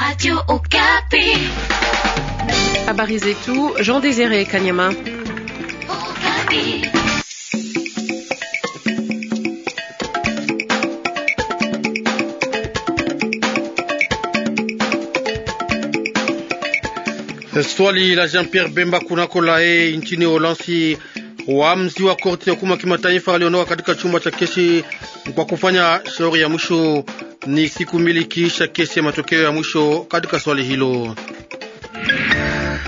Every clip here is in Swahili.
Radio Okapi. Habari zetu, Jean Désiré Kanyama. Okapi. Swali la Jean-Pierre Bemba kunako lae nchini Uholanzi. Waamuzi wa korti ya hukumu ya kimataifa waliondoka katika chumba cha kesi kwa kufanya shauri ya mwisho. Ni siku mbili kisha kesi ya matokeo ya mwisho katika swali hilo.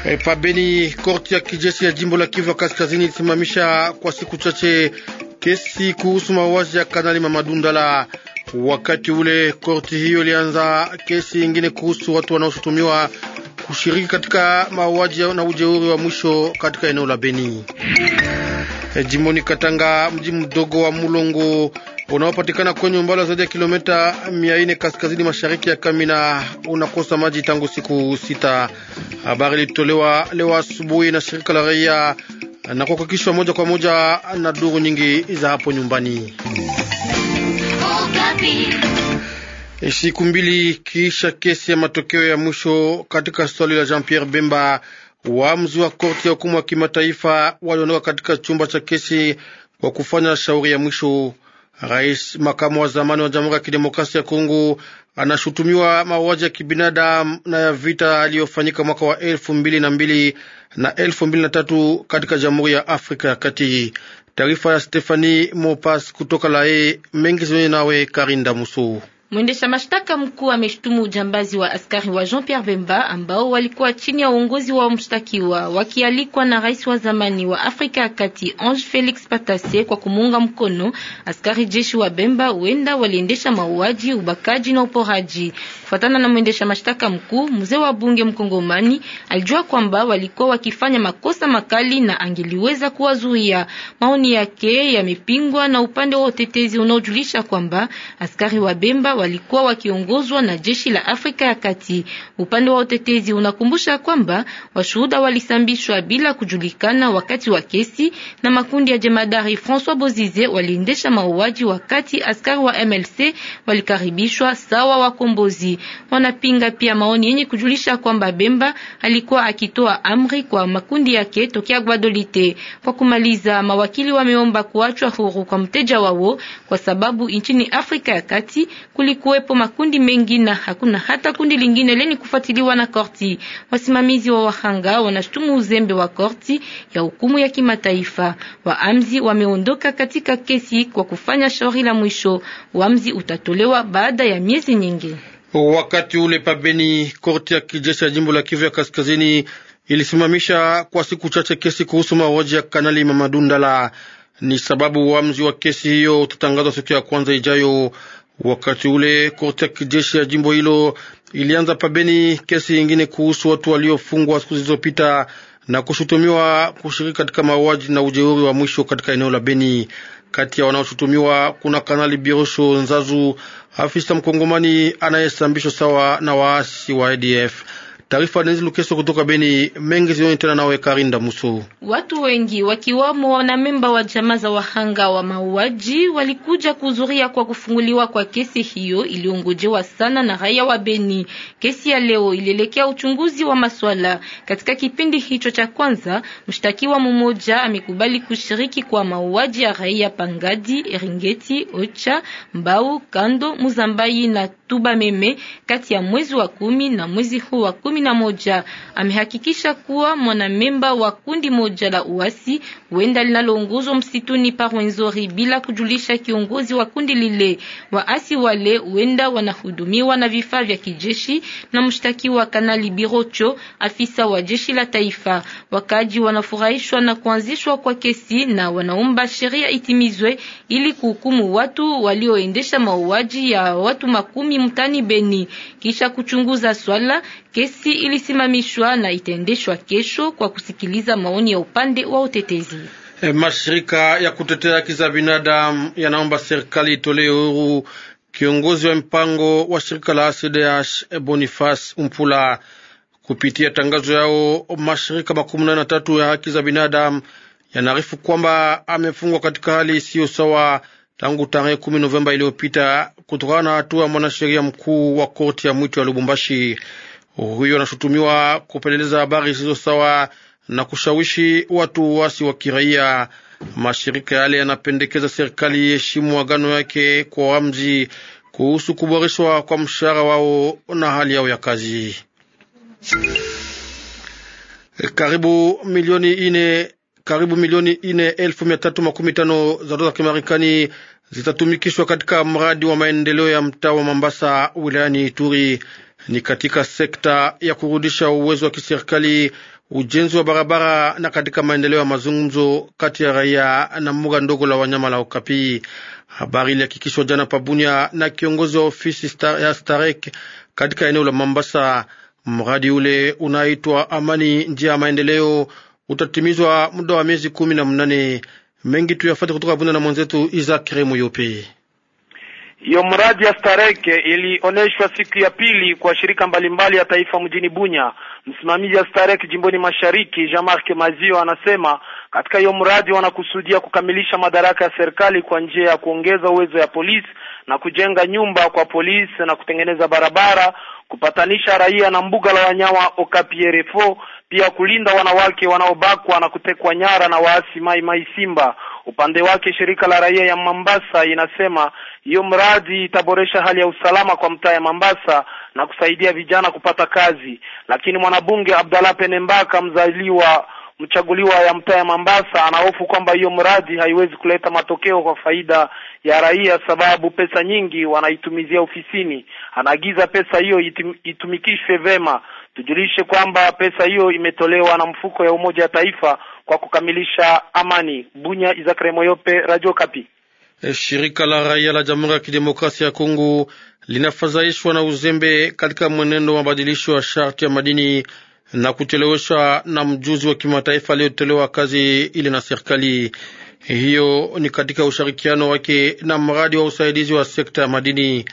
E, eh, pabeni korti ya kijeshi ya jimbo la Kivu ya Kaskazini ilisimamisha kwa siku chache kesi kuhusu mauaji ya Kanali Mamadundala. Wakati ule korti hiyo ilianza kesi ingine kuhusu watu wanaoshutumiwa kushiriki katika mauaji na ujeuri wa mwisho katika eneo la Beni. E, jimboni Katanga, mji mdogo wa Mulongo, unaopatikana kwenye umbali wa zaidi ya kilomita 400 kaskazini mashariki ya Kamina unakosa maji tangu siku sita. Habari ilitolewa leo asubuhi na shirika la raia na kuhakikishwa moja kwa moja na duru nyingi za hapo nyumbani. Siku mbili kisha kesi ya matokeo ya mwisho katika swali la Jean Pierre Bemba, waamuzi wa korti ya hukumu ya kimataifa waliondoka katika chumba cha kesi kwa kufanya shauri ya mwisho. Rais makamu wa zamani wa Jamhuri ya Kidemokrasia ya Kongo anashutumiwa mauaji ya kibinadamu na ya vita aliyofanyika mwaka wa elfu mbili na mbili na elfu mbili na tatu katika Jamhuri ya Afrika ya Kati. Taarifa ya Stefani Mopas kutoka Lae mengi Zioni nawe Karinda Musu. Mwendesha mashtaka mkuu ameshtumu ujambazi wa askari wa Jean-Pierre Bemba ambao walikuwa chini ya uongozi wa mshtakiwa wakialikwa na rais wa zamani wa Afrika ya Kati Ange Felix Patasse kwa kumuunga mkono. Askari jeshi wa Bemba wenda waliendesha mauaji, ubakaji na uporaji. Kufuatana na mwendesha mashtaka mkuu, mzee wa bunge mkongomani alijua kwamba walikuwa wakifanya makosa makali na angeliweza kuwazuia. Maoni yake yamepingwa na upande wa utetezi unaojulisha kwamba askari wa Bemba walikuwa wakiongozwa na jeshi la Afrika ya Kati. Upande wa utetezi unakumbusha kwamba washuhuda walisambishwa bila kujulikana wakati wa kesi, na makundi ya jemadari François Bozize waliendesha mauaji wakati askari wa MLC walikaribishwa sawa wakombozi. Wanapinga pia maoni yenye kujulisha kwamba Bemba alikuwa akitoa amri kwa makundi yake tokea Guadolite. Kwa kumaliza, mawakili wameomba kuachwa huru kwa mteja wao kwa sababu nchini Afrika ya Kati kuli kulikuwepo makundi mengi na hakuna hata kundi lingine leni kufuatiliwa na korti. Wasimamizi wa wahanga wanashutumu uzembe wa korti ya hukumu ya kimataifa. Waamzi wameondoka katika kesi kwa kufanya shauri la mwisho. Uamzi utatolewa baada ya miezi nyingi. Wakati ule pabeni, korti ya kijeshi ya jimbo la Kivu ya kaskazini ilisimamisha kwa siku chache kesi kuhusu mauaji ya Kanali Mamadou Ndala. Ni sababu uamuzi wa kesi hiyo utatangazwa siku ya kwanza ijayo. Wakati ule korti ya kijeshi ya jimbo hilo ilianza pabeni kesi yingine kuhusu watu waliofungwa siku zilizopita na kushutumiwa kushiriki katika mauaji na ujeuri wa mwisho katika eneo la Beni. Kati ya wanaoshutumiwa kuna Kanali Birosho Nzazu, afisa mkongomani anayesambishwa sawa na waasi wa ADF. Taarifa Denise Lukeso kutoka Beni mengi zioni tena nawe Karinda Muso. Watu wengi wakiwamo wanamemba wa jamaa za wahanga wa mauaji walikuja kuzuria kwa kufunguliwa kwa kesi hiyo iliongojewa sana na raia wa Beni. Kesi ya leo ilielekea uchunguzi wa maswala. Katika kipindi hicho cha kwanza, mshtakiwa mmoja amekubali kushiriki kwa mauaji ya raia Pangadi, Eringeti, Ocha, Mbau, Kando, Muzambayi na Tuba Meme kati ya mwezi wa kumi na mwezi huu wa kumi kumi na moja amehakikisha kuwa mwanamemba wa kundi moja la uasi huenda linaloongozwa msituni Rwenzori bila kujulisha kiongozi wa kundi lile. Waasi wale huenda wanahudumiwa na vifaa vya kijeshi na mshtakiwa Kanali Birocho, afisa wa jeshi la taifa. Wakaji wanafurahishwa na kuanzishwa kwa kesi na wanaomba sheria itimizwe ili kuhukumu watu walioendesha mauaji ya watu makumi mtani Beni kisha kuchunguza swala kesi kesi ilisimamishwa na itaendeshwa kesho kwa kusikiliza maoni ya upande wa utetezi. E, mashirika ya kutetea haki za binadamu yanaomba serikali itolee huru kiongozi wa mpango wa shirika la ACDH Boniface Mpula. Kupitia tangazo yao, mashirika makumi nane na tatu ya haki za binadamu yanaarifu kwamba amefungwa katika hali isiyo sawa tangu tarehe kumi Novemba iliyopita kutokana na hatua mwanasheria mkuu wa korti ya mwito ya Lubumbashi. Huyo anashutumiwa kupeleleza habari zisizo sawa na kushawishi watu wasi wa kiraia. Mashirika yale yanapendekeza serikali iheshimu agano yake kwa wamzi kuhusu kuboreshwa kwa mshahara wao na hali yao ya kazi. Karibu milioni ine karibu milioni ine elfu mia tatu makumi tano za dola za Kimarekani zitatumikishwa katika mradi wa maendeleo ya mtaa wa Mambasa wilayani Ituri ni katika sekta ya kurudisha uwezo wa kiserikali, ujenzi wa barabara na katika maendeleo ya mazungumzo kati ya raia na mbuga ndogo la wanyama la Okapi. Habari ilihakikishwa jana Pabunia na kiongozi wa ofisi star ya Starek katika eneo la Mambasa. Mradi ule unaitwa Amani njia ya maendeleo utatimizwa muda wa miezi kumi na mnane. Mengi tuyafate kutoka Bunia na mwenzetu Isaac Remuyope. Hiyo mradi ya Stareke ilionyeshwa siku ya pili kwa shirika mbalimbali ya taifa mjini Bunya. Msimamizi ya Stareke jimboni Mashariki, Jean-Marc Mazio, anasema katika hiyo mradi wanakusudia kukamilisha madaraka ya serikali kwa njia ya kuongeza uwezo ya polisi na kujenga nyumba kwa polisi na kutengeneza barabara, kupatanisha raia na mbuga la wanyama Okapi Erefo pia kulinda wanawake wanaobakwa na kutekwa nyara na waasi Mai Mai Simba. Upande wake shirika la raia ya Mombasa inasema hiyo mradi itaboresha hali ya usalama kwa mtaa ya Mombasa na kusaidia vijana kupata kazi. Lakini mwanabunge Abdalla Penembaka, mzaliwa mchaguliwa ya mtaa ya Mombasa, anahofu kwamba hiyo mradi haiwezi kuleta matokeo kwa faida ya raia, sababu pesa nyingi wanaitumizia ofisini. Anaagiza pesa hiyo itum, itumikishwe vema. Tujulishe kwamba pesa hiyo imetolewa na mfuko ya Umoja wa Taifa kwa kukamilisha amani. Bunya Izakre Moyope, Radio Kapi. E, shirika la raia la Jamhuri ya Kidemokrasia ya Kongo linafadhaishwa na uzembe katika mwenendo wa mabadilisho ya sharti ya madini na kucheleweshwa na mjuzi wa kimataifa aliyotolewa kazi ile na serikali hiyo. Ni katika ushirikiano wake na mradi wa usaidizi wa sekta ya madini.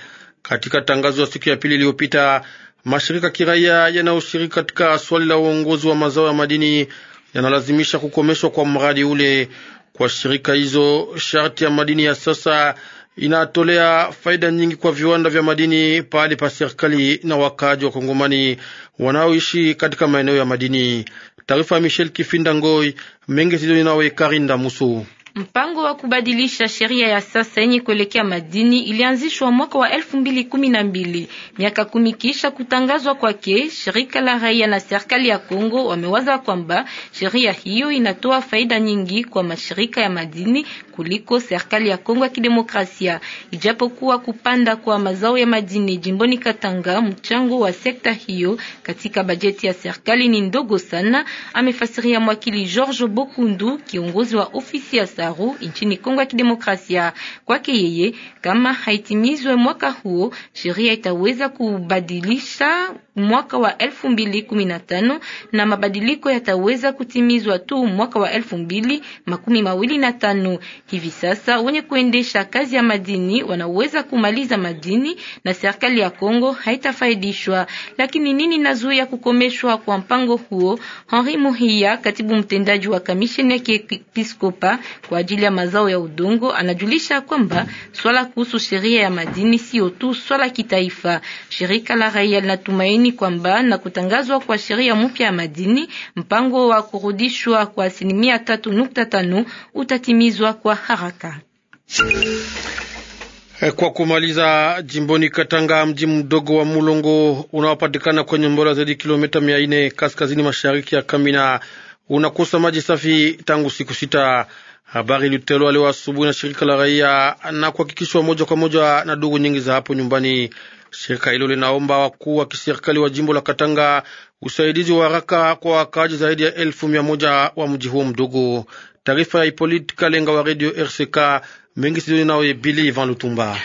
Katika tangazo ya siku ya pili iliyopita mashirika kiraia yanayoshiriki katika swali la uongozi wa mazao ya madini yanalazimisha kukomeshwa kwa mradi ule. Kwa shirika hizo, sharti ya madini ya sasa inatolea faida nyingi kwa viwanda vya madini pahali pa serikali na wakaaji wa Kongomani wanaoishi katika maeneo ya madini. Taarifa ya Michel Kifinda Ngoi Mengi Tidoni nawe Karinda Musu. Mpango wa kubadilisha sheria ya sasa yenye kuelekea madini ilianzishwa mwaka wa elfu mbili kumi na mbili. Miaka kumi kisha kutangazwa kwake, shirika la raia na serikali ya Kongo wamewaza kwamba sheria hiyo inatoa faida nyingi kwa mashirika ya madini kuliko serikali ya Kongo ya Kidemokrasia. Ijapokuwa kupanda kwa mazao ya madini jimboni Katanga, mchango wa sekta hiyo katika bajeti ya serikali ni ndogo sana, amefasiria mwakili George Bokundu, kiongozi wa ofisi ya Kimasaru nchini Kongo ya Kidemokrasia. Kwake yeye, kama haitimizwe mwaka huo, sheria itaweza kubadilisha mwaka wa 2015 na mabadiliko yataweza kutimizwa tu mwaka wa 2025. Hivi sasa wenye kuendesha kazi ya madini wanaweza kumaliza madini na serikali ya Kongo haitafaidishwa. Lakini nini nazuia kukomeshwa kwa mpango huo? Henri Muhia, katibu mtendaji wa kamisheni ya Kiepiskopa kwa ajili ya mazao ya udongo anajulisha kwamba swala kuhusu sheria ya madini sio tu swala kitaifa. Shirika la raia linatumaini kwamba na kutangazwa kwa sheria mpya ya madini, mpango wa kurudishwa kwa asilimia tatu nukta tano utatimizwa kwa haraka. Eh, kwa kumaliza, jimboni Katanga, mji mdogo wa Mulongo unaopatikana kwenye mbora zaidi kilomita mia nne kaskazini mashariki ya Kamina unakosa maji safi tangu siku sita. Habari ilitolewa leo asubuhi na shirika la raia na kuhakikishwa moja kwa moja na ndugu nyingi za hapo nyumbani. Shirika hilo linaomba wakuu wa kiserikali wa jimbo la Katanga usaidizi wa haraka kwa wakaaji zaidi ya elfu mia moja wa mji huo mdogo. Taarifa ya Ipolite Kalenga wa Radio RCK mengi sio nawe bili Ivan Lutumba.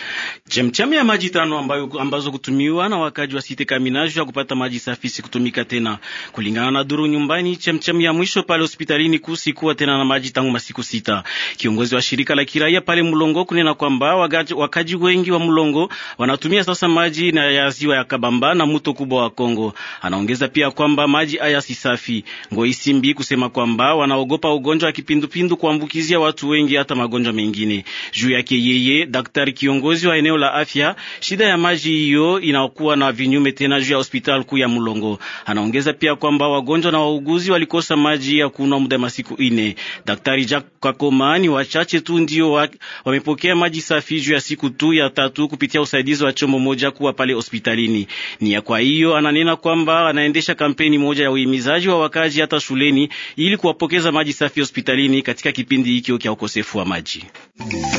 Chemchemi ya maji tano ambayo ambazo kutumiwa na wakaji wa site Kaminaju ya kupata maji safi si kutumika tena, kulingana na duru nyumbani. Chemchemi ya mwisho pale hospitalini kusi kuwa tena na maji tangu masiku sita. Kiongozi wa shirika la kiraia pale Mulongo kunena kwamba wakaji wengi wa Mulongo wanatumia sasa maji na ya ziwa ya Kabamba na mto kubwa wa Kongo. Anaongeza pia kwamba maji haya si safi. Ngoisimbi kusema kwamba wanaogopa ugonjwa wa kipindupindu kuambukizia watu wengi hata magonjwa mengine. Juu yake yeye daktari kiongozi wa eneo la afya, shida ya maji hiyo inakuwa na vinyume tena juu ya hospitali kuu ya Mulongo. Anaongeza pia kwamba wagonjwa na wauguzi walikosa maji ya kunwa muda masiku ine. Daktari Jack Kakoma ni wachache tu ndio wa, wamepokea maji safi juu ya siku tu ya tatu kupitia usaidizi wa chombo moja kuwa pale hospitalini. Ni ya kwa hiyo ananena kwamba anaendesha kampeni moja ya uhimizaji wa wakazi hata shuleni ili kuwapokeza maji safi hospitalini katika kipindi hikyo kya ukosefu wa maji. Mm.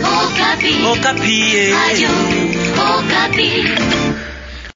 Okapi. Okapi. Eh.